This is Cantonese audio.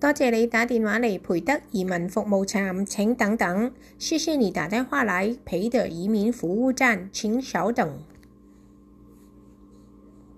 多謝你打電話嚟培德移民服務站，請等等。謝謝你打電話嚟培德移民服務站，請稍等。